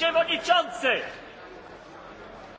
przewodniczący!